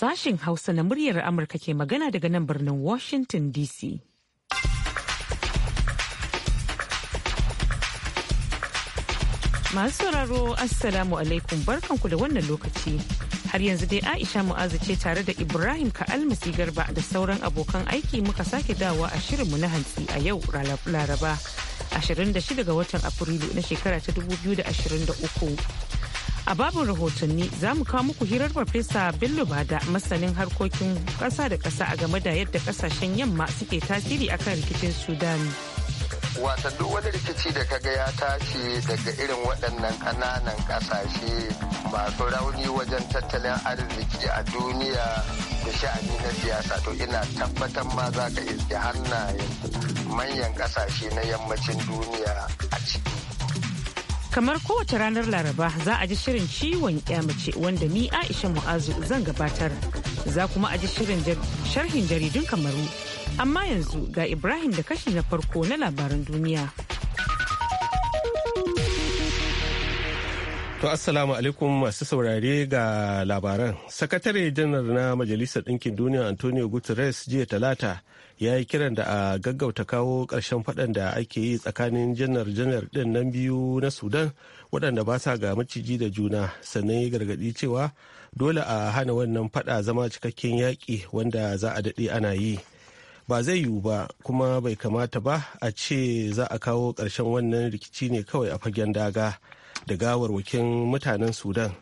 sashen Hausa na muryar Amurka ke magana daga nan birnin Washington DC. Masu sauraro Assalamu alaikum barkanku da wannan lokaci. Har yanzu dai Aisha Mu'azu ce tare da Ibrahim Ka'almasi Garba da sauran abokan aiki muka sake dawa a shirinmu na hantsi a yau Laraba 26 ga watan Afrilu na shekara ta 2023. A babin rahotanni za mu kawo muku hirar Farfesa Bello Bada masanin harkokin kasa da kasa a game da yadda kasashen yamma suke tasiri akan rikicin Sudan. Wasan duk wani rikici da kaga ya tashi daga irin waɗannan ƙananan ƙasashe masu rauni wajen tattalin arziki a duniya da sha'ani na siyasa to ina tabbatar ma za ka iske hannayen manyan ƙasashe na yammacin duniya a ciki. kamar kowace ranar laraba za a ji shirin ciwon mace wanda ni aisha mu'azu zan gabatar za kuma a ji shirin sharhin jaridun kamaru amma yanzu ga ibrahim da kashi na farko na labaran duniya To assalamu alaikum masu saurare ga labaran. Sakatare janar na Majalisar Ɗinkin Duniya Antonio Guterres jiya talata ya yi kiran da a gaggauta kawo ƙarshen faɗan da ake yi tsakanin janar janar ɗin nan biyu na Sudan waɗanda ba sa ga maciji da juna sannan ya gargaɗi cewa dole a hana wannan faɗa zama cikakken yaƙi wanda za a daɗe ana yi. Ba zai yiwu ba kuma bai kamata ba a ce za a kawo ƙarshen wannan rikici ne kawai a fagen daga. da gawarwakin mutanen sudan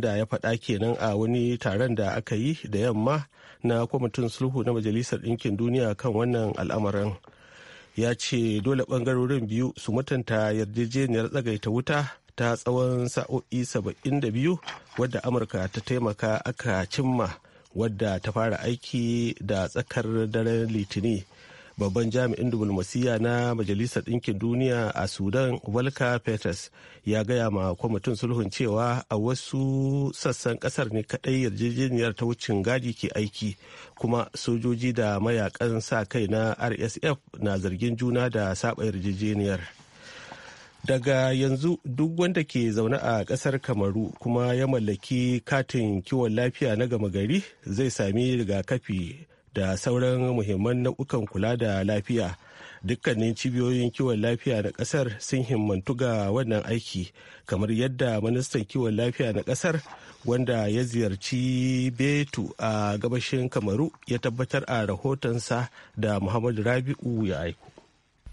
da ya faɗa kenan a wani taron da aka yi da yamma na kwamitin sulhu na majalisar ɗinkin duniya kan wannan al'amarin ya ce dole ɓangarorin biyu su mutunta yarjejeniyar tsagaita wuta ta tsawon sa'o'i saba'in da biyu wadda amurka ta taimaka aka cimma wadda ta fara aiki da tsakar daren litini babban jami'in diflomasiyya na majalisar ɗinkin duniya a sudan walka peters ya gaya ma kwamitin sulhun cewa a wasu sassan ƙasar ne kaɗai yarjejeniyar ta wucin gadi ke aiki kuma sojoji da mayakan sa kai na rsf na zargin juna da saba yarjejeniyar daga yanzu duk wanda ke zaune a kasar kamaru kuma ya mallaki katin kiwon lafiya na gama gari zai sami rigakafi da sauran muhimman nau'ukan kula da lafiya dukkanin cibiyoyin kiwon lafiya na kasar sun himmantu ga wannan aiki kamar yadda ministan kiwon lafiya na kasar wanda ya ziyarci betu a gabashin kamaru ya tabbatar a rahotonsa da muhammadu rabi'u ya aiko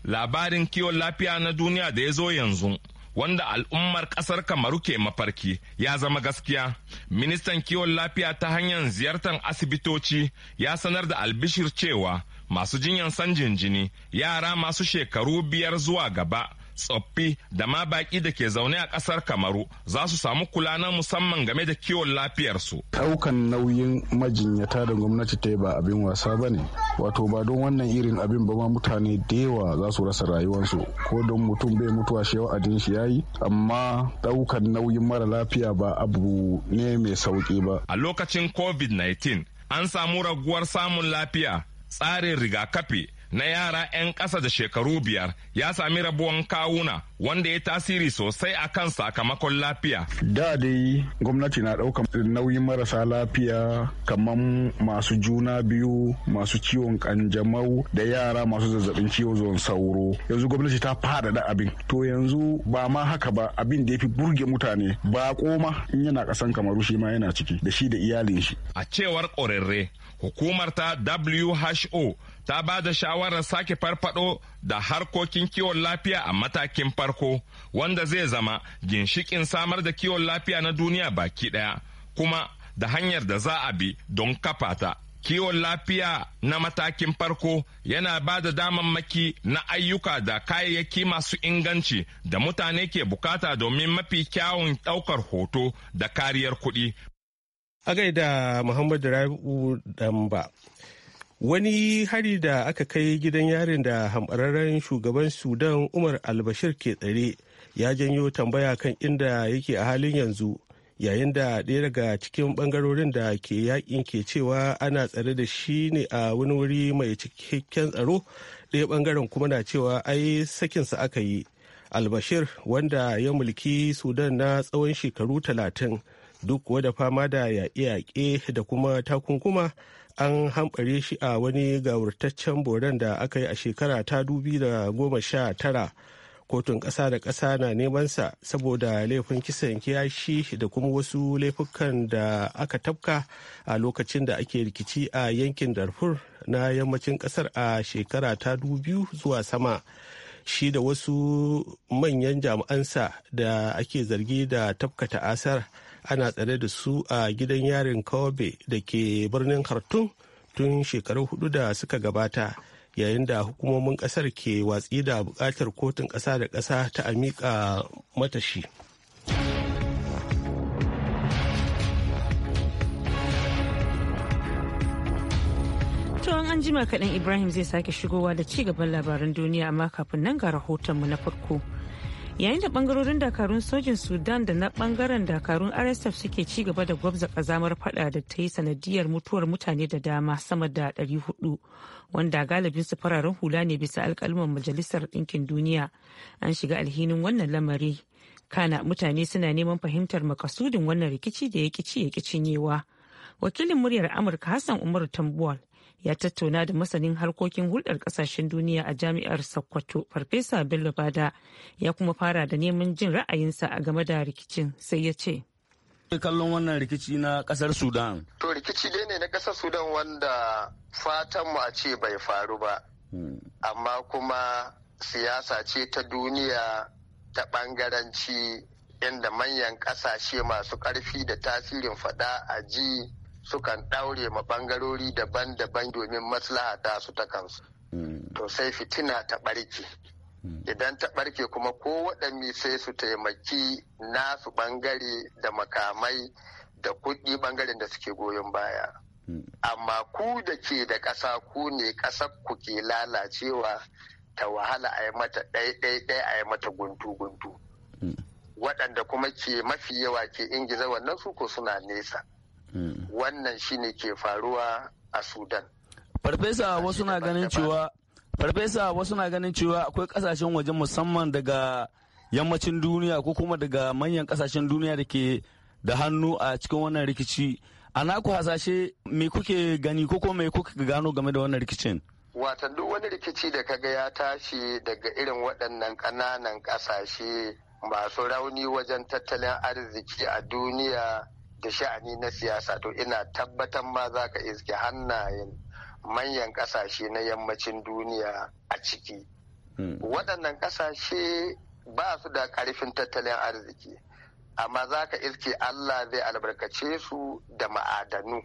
labarin kiwon lafiya na duniya da ya zo yanzu wanda al'ummar kasar kamaru ke mafarki ya zama gaskiya ministan kiwon lafiya ta hanyar ziyartar asibitoci ya sanar da albishir cewa masu jinyan sanjin jini yara masu shekaru biyar zuwa gaba tsoffi da ma baki da ke zaune a ƙasar kamaru za su samu kula na musamman game da kiwon lafiyarsu ɗaukan nauyin majinyata da gwamnati ta yi ba abin wasa ba ne wato ba don wannan irin abin ba ma mutane da yawa za su rasa rayuwarsu ko don mutum bai mutuwa shi wa'adin shi yayi amma ɗaukan nauyin mara lafiya ba abu ne mai sauki ba a lokacin covid-19 an samu raguwar samun lafiya tsarin rigakafi na yara 'yan ƙasa da shekaru biyar ya sami rabuwan kawuna wanda ya tasiri sosai a kan sakamakon lafiya. Da dai gwamnati na ɗaukar nauyin marasa lafiya kamar masu juna biyu masu ciwon kanjamau da yara masu zazzabin ciwon zuwan sauro. Yanzu gwamnati ta faɗaɗa abin. To yanzu ba ma haka ba abin da ya fi burge mutane ba koma in yana ƙasan kamaru shi ma yana ciki da shi da iyalin shi. A cewar ƙorarre hukumar ta WHO ta ba da shawarar sake farfado da harkokin kiwon lafiya a matakin farko wanda zai zama ginshikin samar da kiwon lafiya na duniya baki ɗaya kuma da hanyar da za a bi don kafata kiwon lafiya na matakin farko yana ba da damammaki na ayyuka da kayayyaki masu inganci da mutane ke bukata domin mafi kyawun ɗaukar hoto da kariyar kuɗi. A gaida Muhammadu Rabi'u Damba. wani hari da aka kai gidan yarin da hambararren shugaban sudan umar albashir ke tsare ya janyo tambaya kan inda yake a halin yanzu yayin da ɗaya daga cikin ɓangarorin da ke yakin ke cewa ana tsare da shi ne a wani wuri mai cikakken tsaro ɗaya bangaren kuma na cewa ai sakinsa aka yi albashir wanda ya mulki sudan na tsawon shekaru talatin duk wadda fama da yaƙe-yaƙe da kuma takunkuma an hamɓare shi a wani gawurtaccen boran da aka yi a shekara ta dubi da goma sha tara kotun ƙasa da ƙasa na neman sa saboda laifin kisan kiyashi da kuma wasu laifukan da aka tafka a lokacin da ake rikici a yankin darfur na yammacin ƙasar a shekara ta dubu zuwa sama shi da wasu manyan jami'ansa da ake zargi da tafkata asar ana tsare da su a gidan yarin kobe da ke birnin khartoum tun shekaru hudu da suka gabata yayin da hukumomin kasar ke watsi da bukatar kotun kasa da kasa ta amika matashi. an jima kaɗan Ibrahim zai sake shigowa da ci gaban labaran duniya amma kafin nan ga rahotonmu na farko. Yayin da bangarorin dakarun sojin Sudan da na bangaren dakarun RSF suke ci gaba da gwabza kazamar fada da ta yi sanadiyar mutuwar mutane da dama sama da 400 wanda galibin su fararen hula ne bisa alkalman Majalisar Ɗinkin Duniya. An shiga alhinin wannan lamari. Kana mutane suna neman fahimtar makasudin wannan rikici da ya ƙici ya Wakilin muryar Amurka Hassan Umaru Tambuwal ya tattauna da masanin harkokin hulɗar ƙasashen duniya a jami'ar Sokoto Farfesa Bello Bada ya kuma fara da neman jin ra'ayinsa a game da rikicin sai ya ce. kallon wannan rikici na ƙasar Sudan. To rikici dai ne na ƙasar Sudan wanda fatanmu a ce bai faru ba. Hmm. Amma kuma siyasa ce ta duniya ta ɓangaranci inda manyan ƙasashe masu ƙarfi da tasirin faɗa a ji sukan ɗaure ma ɓangarori daban-daban domin maslaha ta su ta kansu. Mm. To sai fitina ta ɓarke. Mm. Idan ta ɓarke kuma ko waɗanne sai su taimaki nasu ɓangare da makamai da kuɗi ɓangaren da suke goyon baya. Mm. Amma ku da ke da ƙasa ku ne ƙasar ku ke lalacewa ta wahala a yi mata ɗai-ɗai a yi mata guntu-guntu. Waɗanda kuma ke mafi yawa ke ingiza wannan su ko suna nesa. wannan shine ke faruwa a sudan farfesa wasu na ganin cewa farfesa wasu na ganin cewa akwai kasashen waje musamman daga yammacin duniya ko kuma daga manyan kasashen duniya da ke da hannu a cikin wannan rikici a naku hasashe me kuke gani ko kuma me kuka gano game da wannan rikicin watan duk wani rikici da ka ga ya tashi daga irin waɗannan ƙananan ƙasashe masu rauni wajen tattalin arziki a duniya da sha'ani na siyasa to ina tabbatar ma za ka iske hannayen manyan ƙasashe na yammacin duniya a ciki hmm. waɗannan ƙasashe ba su da ƙarfin tattalin arziki amma za ka iske allah zai albarkace su da ma'adanu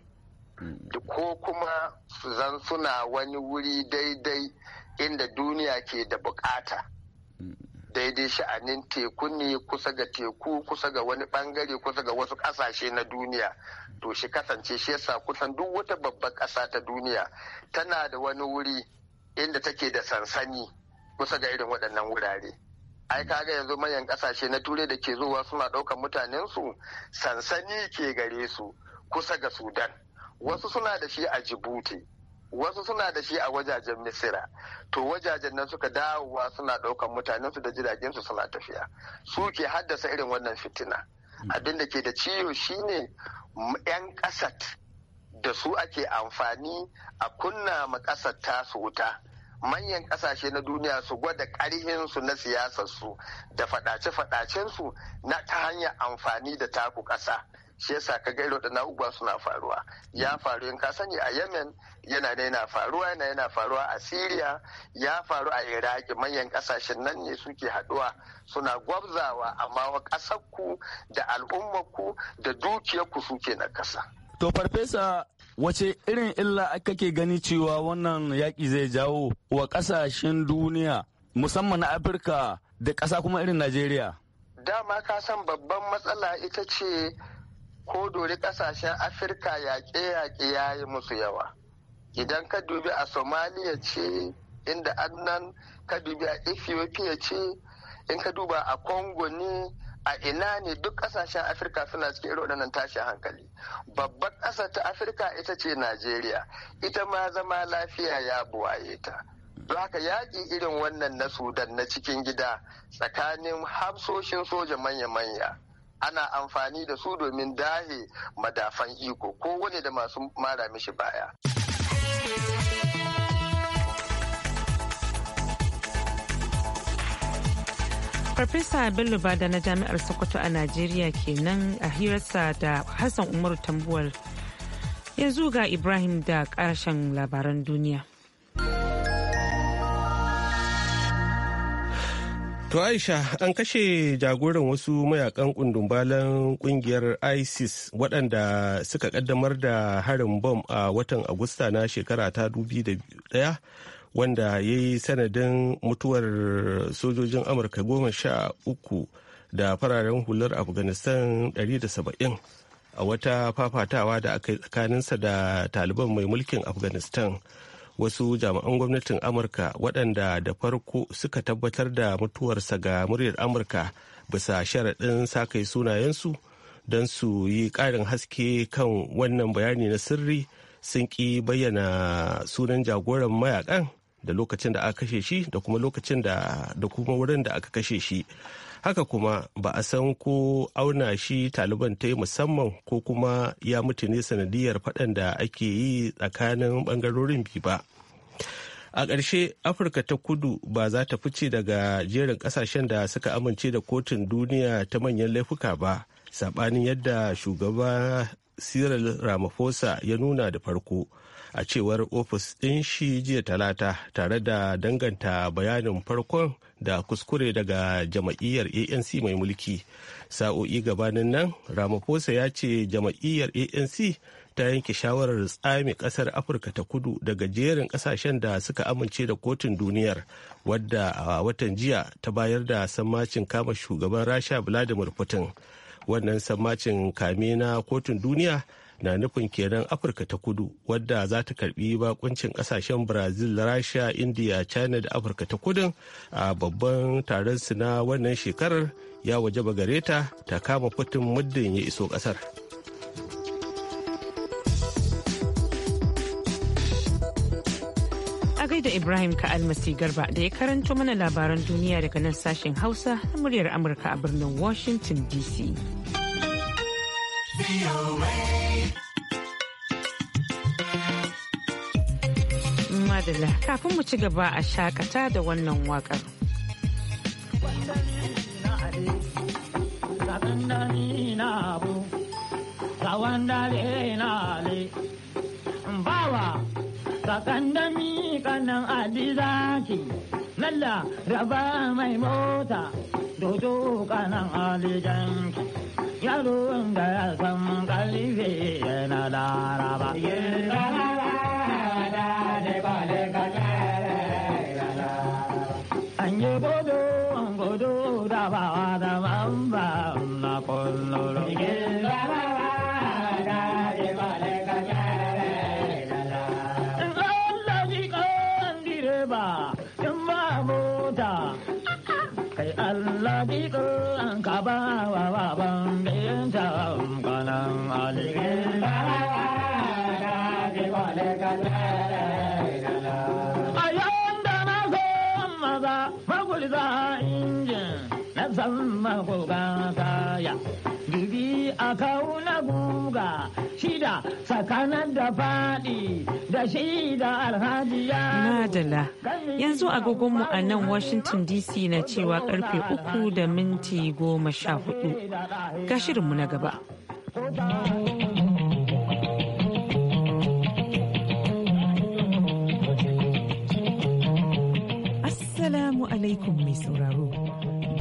hmm. ko kuma su zan suna wani wuri daidai inda duniya ke da bukata daidai sha'anin teku ne kusa ga teku kusa ga wani bangare kusa ga wasu kasashe na duniya to shi kasance shi yasa kusan duk wata babbar kasa ta duniya tana da wani wuri inda take da sansani kusa ga irin waɗannan wurare ai kaga yanzu manyan kasashe na turai da ke zuwa suna ɗaukar mutanensu sansani ke gare su kusa ga sudan wasu suna da shi a jibuti wasu suna da shi a wajajen misira to wajajen nan suka dawowa suna ɗaukan mutanensu da jiragensu suna tafiya su ke haddasa irin wannan fitina abin da ke da ciwo shine 'yan ƙasat da su ake amfani a kunna ma ƙasar tasu wuta manyan ƙasashe na duniya su gwada ƙarhinsu na siyasarsu da faɗace-faɗacensu na ta hanyar amfani da taku ƙasa shi yasa ka gairo da abubuwa suna faruwa ya mm. faru in ka sani a yemen yana da yana faruwa yana yana faruwa a syria ya faru a iraq manyan ƙasashen nan ne suke haɗuwa suna gwabzawa amma wa ku da al'ummarku da dukiyarku suke na kasa to farfesa wace irin illa kake gani cewa wannan yaƙi zai jawo wa ƙasashen duniya musamman na afirka da ƙasa kuma irin najeriya dama ka san babban matsala ita ce ko dori kasashen afirka yaƙe-yaƙe ya yi musu yawa idan ka dubi a somaliya ce inda annan ka dubi a ethiopia ce in ka duba a congo ne a ina ne duk kasashen afirka suna cikin irin waɗannan tashin hankali babban ƙasa ta afirka ita ce najeriya ita ma zama lafiya ya buwaye ta don haka yaƙi irin wannan na sudan na cikin gida tsakanin hafsoshin soja manya-manya ana amfani da su domin dahe madafan iko ko wani da masu mara mishi baya. Farfesa Bello Bada na Jami'ar Sokoto a Najeriya kenan a hirarsa da Hassan Umaru Tambuwal. Yanzu ga Ibrahim da ƙarshen labaran duniya. To Aisha an kashe jagoran wasu mayakan kundumbalan kungiyar ISIS waɗanda suka kaddamar da harin bom a watan Agusta na shekara ta 2001 wanda ya yi sanadin mutuwar sojojin Amurka goma sha uku da fararen hular Afghanistan 170 a wata fafatawa da aka tsakaninsa da Taliban mai mulkin Afghanistan. wasu jami'an gwamnatin amurka waɗanda da farko suka tabbatar da mutuwarsa ga muryar amurka bisa sharaɗin sakai sunayensu don su yi ƙarin haske kan wannan bayani na sirri sun ƙi bayyana sunan jagoran mayakan da lokacin da aka kashe shi da kuma lokacin da kuma wurin da aka kashe shi haka kuma ba a san ko auna shi taliban ta yi musamman ko kuma ya mutu ne sanadiyar faɗan da ake yi tsakanin bangarorin biyu ba a ƙarshe afirka ta kudu ba za ta fice daga jerin ƙasashen da suka amince da kotun duniya ta manyan laifuka ba saɓanin yadda shugaba cyril ramaphosa ya nuna da farko a cewar ofis ɗin shi jiya talata tare da danganta bayanin farkon da kuskure daga jama'iyyar anc mai mulki sa'o'i gabanin nan ramaphosa ya ce jama'iyyar anc ta yanke shawarar tsami kasar afirka ta kudu daga jerin kasashen da suka amince da kotun duniyar wadda a watan jiya ta bayar da sammacin kama shugaban rasha vladimir putin wannan sammacin kame na kotun duniya na nufin kenan afirka ta kudu wadda za ta karbi bakuncin kasashen brazil rasha india china da afirka ta kudin a babban taron su na wannan shekarar ya waje gare ta ta kama fitin muddin ya iso kasar a gaida ibrahim ka almasi garba da ya karanto mana labaran duniya daga nan sashen hausa na muryar amurka a birnin washington dc madalla kafin mu ci gaba a shakata da wannan wakar. Bawa, sakandami kanan adizaki, lalla raba mai mota, dodo kanan alijanki, yaron da ya san kalife yana laraba. ba da mamba na kullum. kan makokansa ya dubi a kauna guga shida tsakanin da faɗi da shida alhajiya madala yanzu agogonmu a nan washington dc na cewa karfe uku da minti goma sha hudu ga shirinmu na gaba Assalamu alaikum mai sauraro.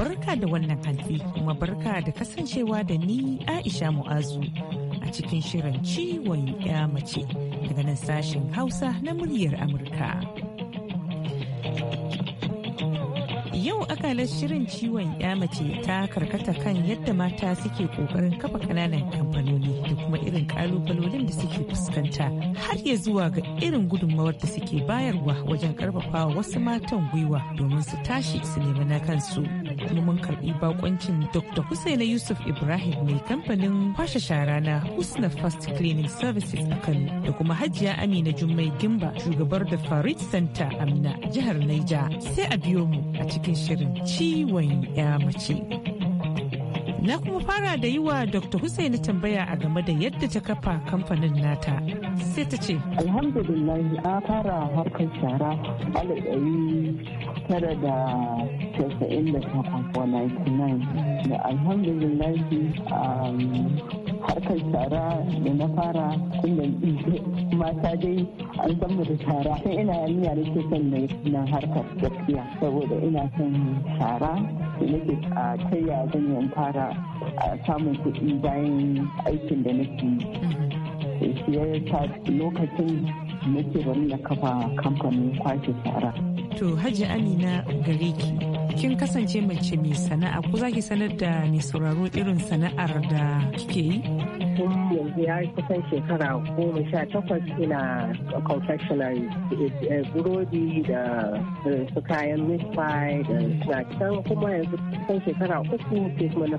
barka da wannan hantsi kuma barka da kasancewa da ni Aisha Mu'azu a cikin shirin ciwon ya mace daga nan sashen Hausa na muryar Amurka. Yau akalar shirin ciwon ya mace ta karkata kan yadda mata suke kokarin kafa kananan kamfanoni da kuma irin kalubalolin da suke fuskanta har ya zuwa ga irin gudunmawar da suke bayarwa wajen karfafa wasu matan gwiwa domin su tashi su nema na kansu. ni mun karbi bakoncin Dr. Husaina Yusuf Ibrahim mai kamfanin kwashe shara na Husna First Cleaning Services a Kano da kuma Hajiya Amina Jummai Gimba shugabar da Farid Center Amna jihar Naija. Sai a biyo mu a cikin shirin ciwon ya mace. Na kuma fara da yi wa Dr. Hussaini tambaya a game da yadda ta kafa kamfanin nata. Sai ta ce. Alhamdulillah na fara harkar shara alaƙari tara da casa'in da takwas 99 da alhamdulillahi um, harkar tara da na fara tun mata dai an san mu da tara sai ina miya da ke son da na harkar gaskiya saboda ina son tara da nake a ta ya zan yi fara samun kuɗi bayan aikin da nake yi. Mm-hmm. ya lokacin nake bari na kafa kamfanin kwace tsara. To Hajji Amina gare ki. Kin kasance mace mai sana'a ko za ki sanar da mai sauraro irin sana'ar da kike yi? tun yanzu ya kusan shekara goma sha takwas ina confectionery burodi da su kayan meat pie da snacks kuma yanzu kusan shekara uku ke kuma na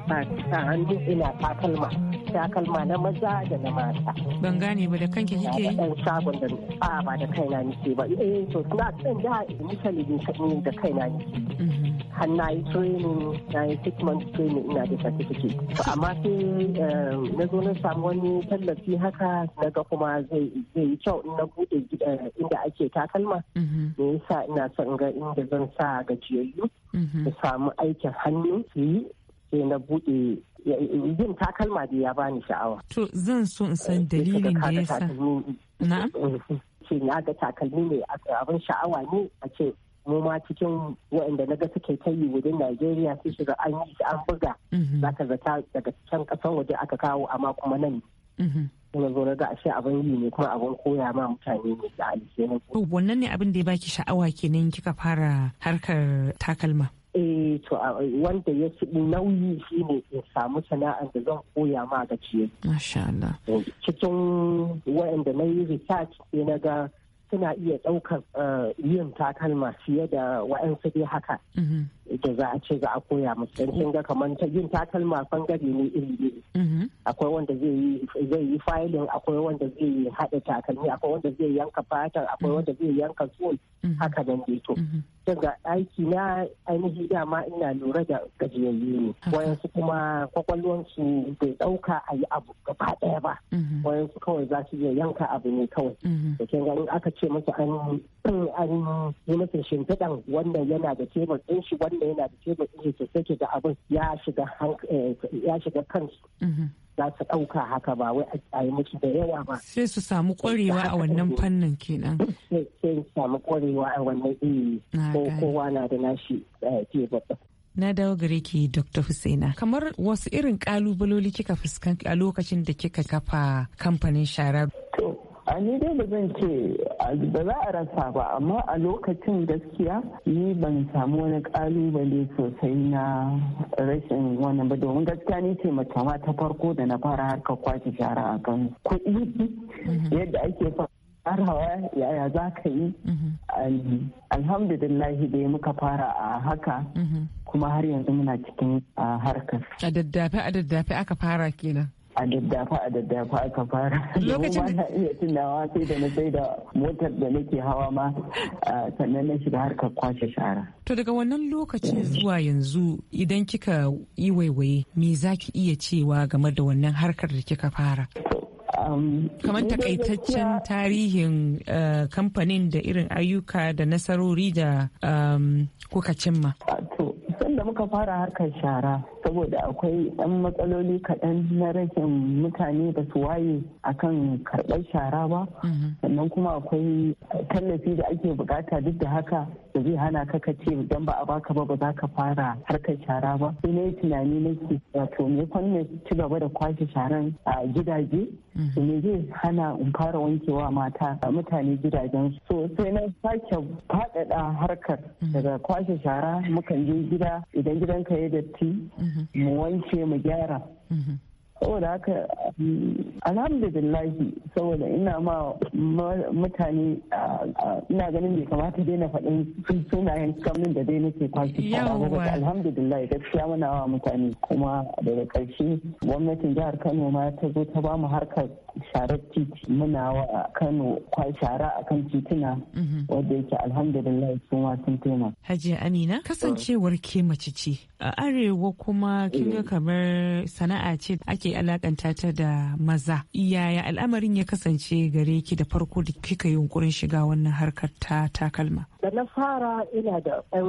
sa hannu ina takalma takalma na maza da na mata. Ban gane ba da kanki kike yi? Ɗan shagon da a ba da kaina nake ba. Eh to snacks ɗin da misali mm-hmm. ne da kaina nake. har na yi training na yi six months training ina da certificate to amma sai eh, na zo na samu wani tallafi haka na kuma zai yi kyau in na bude inda ake takalma mm-hmm. me yasa ina son ga inda zan sa gajiyayyu da mm-hmm. samu aikin hannu su yi sai na bude yin takalma da ya bani sha'awa to zan so in san eh, dalilin da sa na ce na ga takalmi ne abin sha'awa ne a ce mu ma cikin waɗanda na ga suke ta yi wajen Najeriya sai shiga an yi an buga mhm. za ka zata daga can kasan waje aka kawo amma kuma nan mhm. kuma zo na ga ashe abin yi ne kuma abin koya ma mutane ne da alheri. Wannan ne abin da ya baki sha'awa kenan kika fara harkar takalma. eh to wanda ya ci nauyi shi ne in samu sana'ar da zan koya ma gaciye. Masha Allah. Cikin waɗanda na yi research sai na ga suna iya ɗaukar eh, yin takalma fiye da wa'ansu dai haka mm-hmm. da za a ce za a koya musu don ga kamar ta yin takalma bangare ne iri iri mm-hmm. akwai wanda zai yi filin akwai wanda zai yi haɗa takalmi akwai wanda zai yanka fatar akwai mm-hmm. wanda zai yanka sol haka nan dai to daga aiki na ainihi dama ina lura da gajiyayyu ne wayansu kuma kwakwalwansu bai ɗauka a yi abu gaba ɗaya ba wayansu kawai za su iya yanka abu ne kawai da kin aka ce masa an yi masa shimfiɗan wannan yana da tebur ɗin shi wanda yana da tebur ɗin shi sake da abin ya shiga eh, kansu mhm. za su ɗauka haka ba wai a yi musu da yawa ba. Sai su samu ƙwarewa a wannan fannin kenan. Sai su samu ƙwarewa a wannan iri ko kowa na da nashi eh, tebur na dawo gare ki dr husaina kamar wasu irin kalubaloli kika fuskanta a lokacin da kika kafa kamfanin shara a ni dai da zan ce ba za a rasa ba amma a lokacin gaskiya ni ban samu wani kalubale sosai na rashin wannan ba domin gaskiya ni ce mace ma ta farko da na fara harka kwaki shara a kan kuɗi mm-hmm. yadda ake farawa yaya za ka yi mm-hmm. alhamdulillahi dai muka fara a haka mm-hmm. kuma har yanzu muna cikin harkar a daddafe a daddafe aka fara kenan a daddafa a daddafa aka fara lokacin da iya tunawa sai da na sai da motar da nake hawa ma sannan na shiga harkar kwashe shara to daga wannan lokacin zuwa yanzu idan kika yi waiwaye me zaki iya cewa game da wannan harkar da kika fara kamar takaitaccen tarihin eh, kamfanin da irin ayyuka da nasarori da kuka cimma to sanda muka fara harkar shara saboda akwai ɗan matsaloli kaɗan na rashin mutane da su waye akan karɓar shara ba mhm. sannan kuma akwai tallafi da ake bukata duk da haka da zai hana ka ka ce idan ba a baka ba ba za ka fara harkar shara ba sai na yi tunani nake wato me kwanne ci gaba da kwashe sharan a gidaje mhm. me zai hana in fara wankewa mata mutane gidajen so sai na sake faɗaɗa harkar mhm. daga kwashe shara mukan je gida idan gidanka ya datti mu wanke mu gyara saboda haka mm, alhamdulillahi saboda ina ma mutane ina ganin bai kamata dai na faɗin sunayen kamun da dai nake kwanci fara alhamdulillahi gaskiya muna wa mutane kuma daga ƙarshe gwamnatin jihar kano ma ta zo ta bamu harkar sharar titi muna wa kano kwa shara akan titina mhm. wadda yake alhamdulillahi sun sun taimaka. hajiya amina kasancewar ke mace ce A arewa kuma kinga mm. kamar sana'a ce ake alakanta ta da maza yaya al'amarin ya kasance gare ki da farko da kika yunkurin shiga wannan harkar ta takalma da na fara ina da ɗan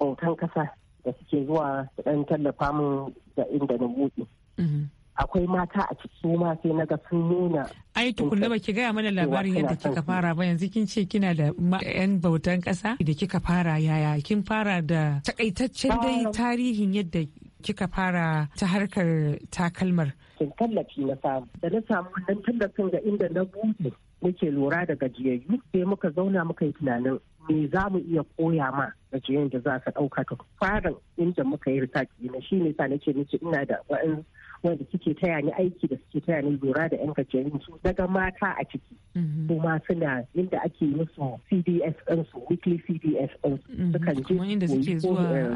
bautan kasa da suke zuwa da ɗan tallafa mun da inda na buɗe mm-hmm. akwai mata a ciki su ma sai na ga sun nuna ai tukunna ki gaya mana labarin yadda kika fara ba yanzu kin ce kina da yan bautan kasa da kika fara yaya kin fara da takaitaccen dai tarihin yadda kika fara ta harkar takalmar kin tallafi na samu da na samu wannan tallafin ga inda na buɗe muke lura da gajiyayyu sai muka zauna muka yi tunanin me za mu iya koya ma gajiyayyun da za su ɗauka ta farin inda muka yi ritaki na shi ne sa nake nace ina da wa'in wanda suke taya ni aiki da suke taya ni lura da 'yan gajerun su daga mata a ciki mhm. kuma suna inda ake musu cds su weekly cds su mhm. sukan je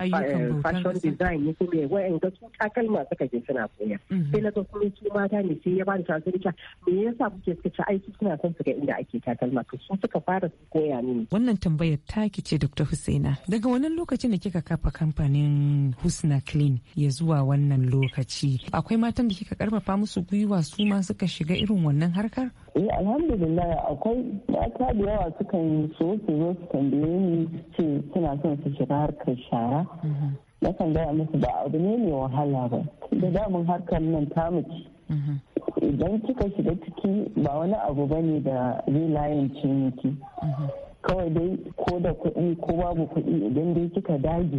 eh, eh, fashion design ne kuma wa'yan ga su takalma suka je suna koya mhm. sai na ga kuma su mata ne sai ya bani tasirika me yasa kuke suka ci aiki suna son su ga inda ake takalma to su suka fara su koya mini wannan tambayar taki ce dr husaina daga wannan lokacin da kika kafa kamfanin husna clean ya zuwa wannan lokaci akwai matan da kika karfafa musu gwiwa su ma suka shiga irin wannan harkar? Eh alhamdulillah akwai mata da yawa sukan so su zo su tambaye ni ce suna son su shiga harkar shara. Mhm. Na kan gaya musu ba abu ne mai wahala ba. Da damun harkar nan ta muke. Mhm. Idan kika shiga ciki ba wani abu ne da zai layin ciniki. Mhm. kawai dai ko da kuɗi ko babu kuɗi idan dai kika dage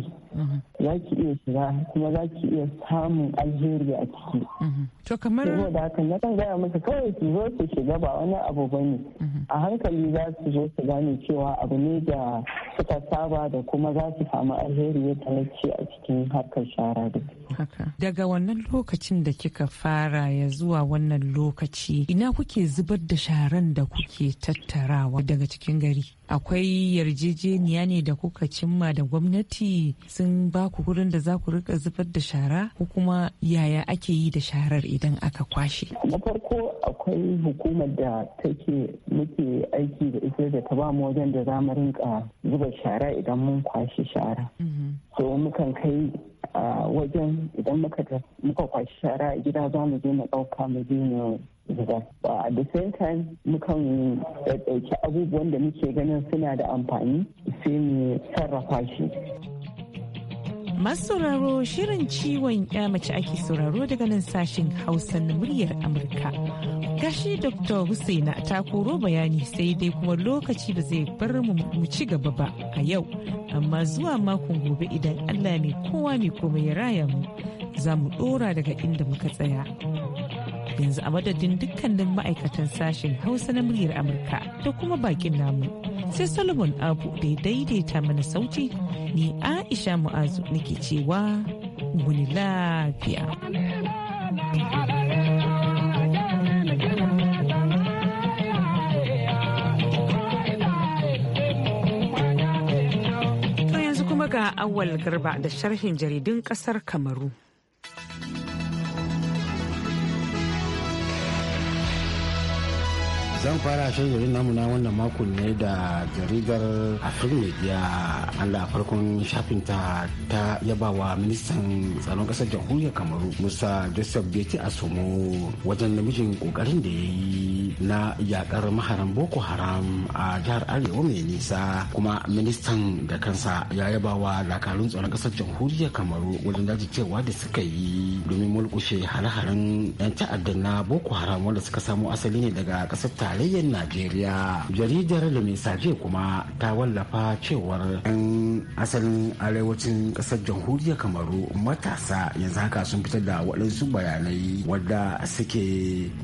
za ki iya shiga kuma za ki iya samun alheri a ciki. Mhm. To kamar saboda haka na kan gaya masa kawai su zo su shiga ba wani abu ba ne. Mhm. A hankali za su zo su gane cewa abu ne da suka saba da kuma za su samu alheri ya a cikin harkar shara da Daga wannan lokacin da kika fara ya zuwa wannan lokaci ina kuke zubar da sharan da kuke tattarawa daga cikin gari? akwai yarjejeniya ne da kuka cimma da gwamnati sun ba ku gurin da za ku rika zubar da shara ko kuma yaya ake yi da sharar idan aka kwashe na farko akwai hukumar da take muke aiki da ita da ta ba mu wajen da za mu rinka zuba shara idan mun kwashe shara mm-hmm. so mukan kai a wajen idan muka kwashi shara a gida za mu je mu ɗauka mu je mu zuba ba A the same time mukan ɗauki abubuwan da muke ganin suna da amfani sai mu sarrafa shi Masu sauraro shirin ciwon ya mace ake sauraro daga nan sashen Hausa na muryar Amurka. Gashi Dr. Husaina ta koro bayani sai dai kuma lokaci ba zai bar mu ci gaba ba a yau. Amma zuwa makon gobe idan Allah mai kowa mai komai ya raya mu za mu dora daga inda muka tsaya. yanzu a madadin dukkanin ma'aikatan sashen hausa na muryar amurka da kuma bakin namu sai solomon abu da ya daidaita mana sauti ni aisha mu'azu nake cewa wani lafiya To kuma ga awal garba da sharhin jaridun kasar kamaru zan fara shan jaridar namu na wannan makon ne da jaridar afrik media allah farkon shafin ta ta yabawa ministan tsaron kasar jamhuriyar kamaru musa joseph beti somo wajen namijin kokarin da ya yi na yakar maharan boko haram a jihar arewa mai nisa kuma ministan da kansa ya yabawa dakarun tsaron kasar jamhuriyar kamaru wajen daji cewa da suka yi domin mulkushe hare-haren 'yan ta'addan na boko haram wanda suka samo asali ne daga kasar tarayyar najeriya jaridar lumisaje kuma ta wallafa cewar 'yan asalin arewacin ƙasar jamhuriyar kamaru matasa yanzu haka sun fitar da waɗansu bayanai wadda suke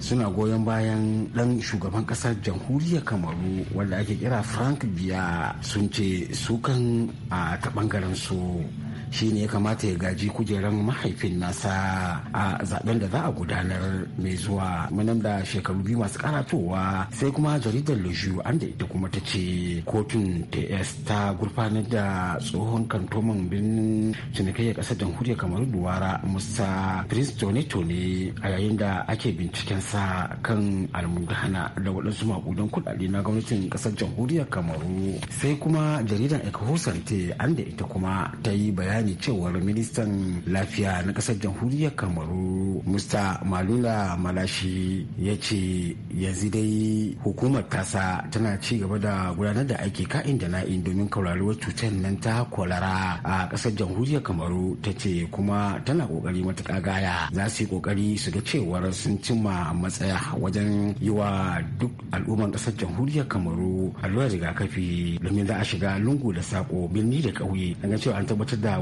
suna goyon bayan ɗan shugaban ƙasar jamhuriyar kamaru wadda ake kira frank biya sun ce sukan a ta ɓangaren su shi ne ya kamata ya gaji kujeran mahaifin nasa a zaben da za a gudanar mai zuwa munan da shekaru biyu masu karatowa sai kuma jaridar leju an da ita kuma ta ce kotun ts ta gurfanar da tsohon kantoman birnin cinikayya kasar jamhuriyar kamaru duwara musa prince tony a yayin da ake bincikensa kan almudana da waɗansu makudan kuɗaɗe na gwamnatin kasar jamhuriyar kamaru sai kuma jaridar ekahusante an da ita kuma ta yi bayani bayani cewar ministan lafiya na kasar jamhuriyar kamaru musta malula malashi ya ce yanzu dai hukumar tasa tana ci gaba da gudanar da aiki ka'in da na'in domin kauraruwar cutar nan ta kwalara a kasar jamhuriyar kamaru ta ce kuma tana kokari matuƙa gaya za su yi kokari su ga cewar sun cimma matsaya wajen yi wa duk al'ummar kasar jamhuriyar kamaru allurar rigakafi domin za a shiga lungu da sako birni da kauye an cewa an tabbatar da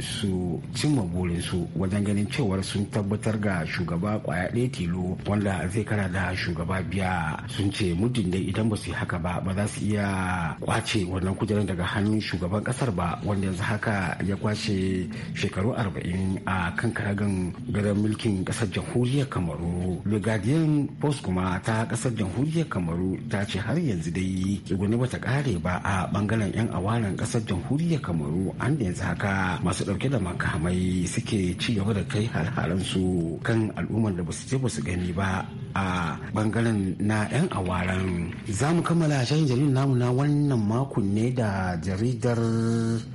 su cimma burinsu wajen ganin cewar sun tabbatar ga shugaba kwaya ɗaya tilo wanda zai kara da shugaba biya sun ce muddin dai idan ba su yi haka ba ba za su iya kwace wannan kujerar daga hannun shugaban kasar ba wanda yanzu haka ya kwace shekaru arba'in a kan karagan gadon mulkin kasar jamhuriyar kamaru lugadiyan pos kuma ta kasar jamhuriyar kamaru ta ce har yanzu dai tsuguni bata kare ba a bangaren yan awanan kasar jamhuriyar kamaru an da yanzu haka masu dauke da makamai suke ci gaba da kai har su kan al'ummar da ba su je ba su gani ba a bangaren na 'yan awaran za mu kammala shayin jaridar namu na wannan makon ne da jaridar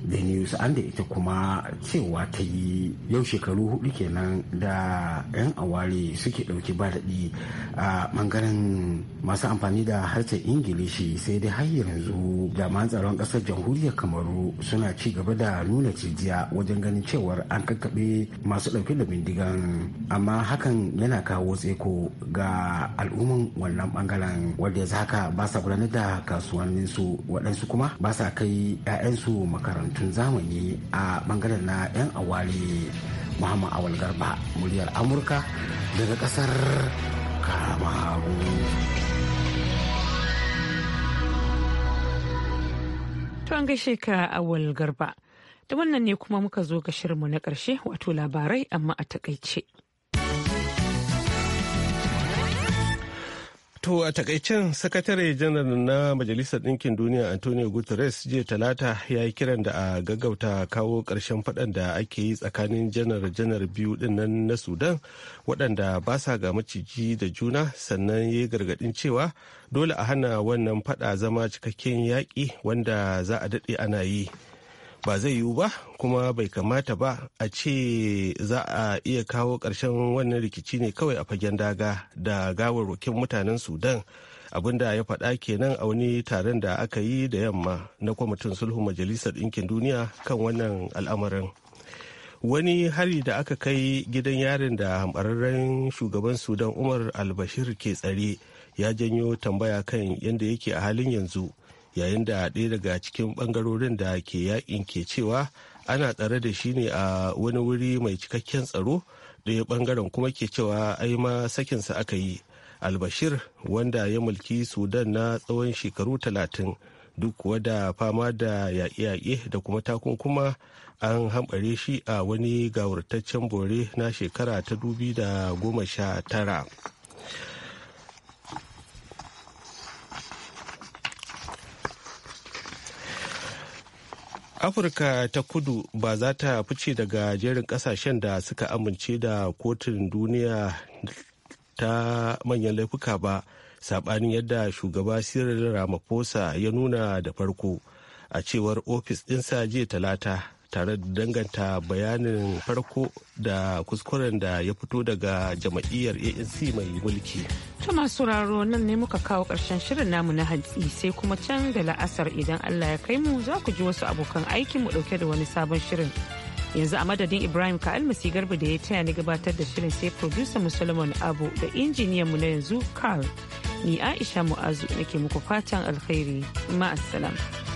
the news an da ita kuma cewa ta yi yau shekaru hudu kenan da 'yan aware suke ɗauki ba daɗi a bangaren masu amfani da harshen ingilishi sai dai har yanzu jami'an tsaron ƙasar jamhuriyar kamaru suna ci gaba da nuna cijiya wajen ganin cewar an kakkaɓe masu ɗauke da bindigan amma hakan yana kawo tseko ga ga al'umman wannan bangaren wanda ya haka ba sa gudanar da kasuwannin su waɗansu kuma ba sa kai 'ya'yansu makarantun zamani a bangaren na 'yan awali muhammad awal garba muryar amurka daga ƙasar kamaru tun an gaishe ka awal garba da wannan ne kuma muka zo ga shirinmu na ƙarshe wato labarai amma a takaice. To a takaicen sakatare janar na Majalisar Ɗinkin Duniya Antonio Guterres jiya talata ya yi kiran da a gaggauta kawo ƙarshen faɗan da ake yi tsakanin janar-janar biyu dinnan na Sudan waɗanda ba sa ga maciji da juna sannan ya yi gargaɗin cewa dole a hana wannan faɗa zama cikakken yaƙi wanda za a daɗe ana yi. ba zai yiwu ba kuma bai kamata ba a ce za a iya kawo ƙarshen wannan rikici ne kawai a fagen daga da gawarwakin mutanen sudan abinda ya faɗa kenan a wani taron da aka yi da yamma na kwamitin sulhu majalisar ɗinkin duniya kan wannan al'amarin wani hari da aka kai gidan yarin da hambararren shugaban sudan umar albashir ke tsare ya janyo tambaya kan yadda yake a halin yanzu yayin da ɗaya daga cikin ɓangarorin da ke yakin ke cewa ana tsare da shi ne a wani wuri mai cikakken tsaro ɗaya bangaren kuma ke cewa ai ma sakinsa aka yi albashir wanda ya mulki sudan na tsawon shekaru talatin duk kuwa da fama da yaƙe-yaƙe da kuma takunkuma an hambare shi a wani gawurtaccen bore na shekara ta dubi da goma sha tara. afirka ta kudu ba za ta fice daga jerin kasashen da suka amince da kotun duniya ta manyan laifuka ba sabanin yadda shugaba cyril ramaphosa ya nuna da farko a cewar ofis ɗinsa jiya talata tare da danganta bayanin farko da kuskuren da ya fito daga jam'iyyar anc mai mulki ta masu raro nan ne muka kawo ƙarshen shirin namu na hantsi sai kuma can da la'asar idan allah ya kai mu za ku ji wasu abokan aikin mu ɗauke da wani sabon shirin yanzu a madadin ibrahim ka almasi garba da ya taya ni gabatar da shirin sai producer musulman abu da injiniyan mu na yanzu carl ni aisha mu'azu nake muku fatan alkhairi ma'asalam.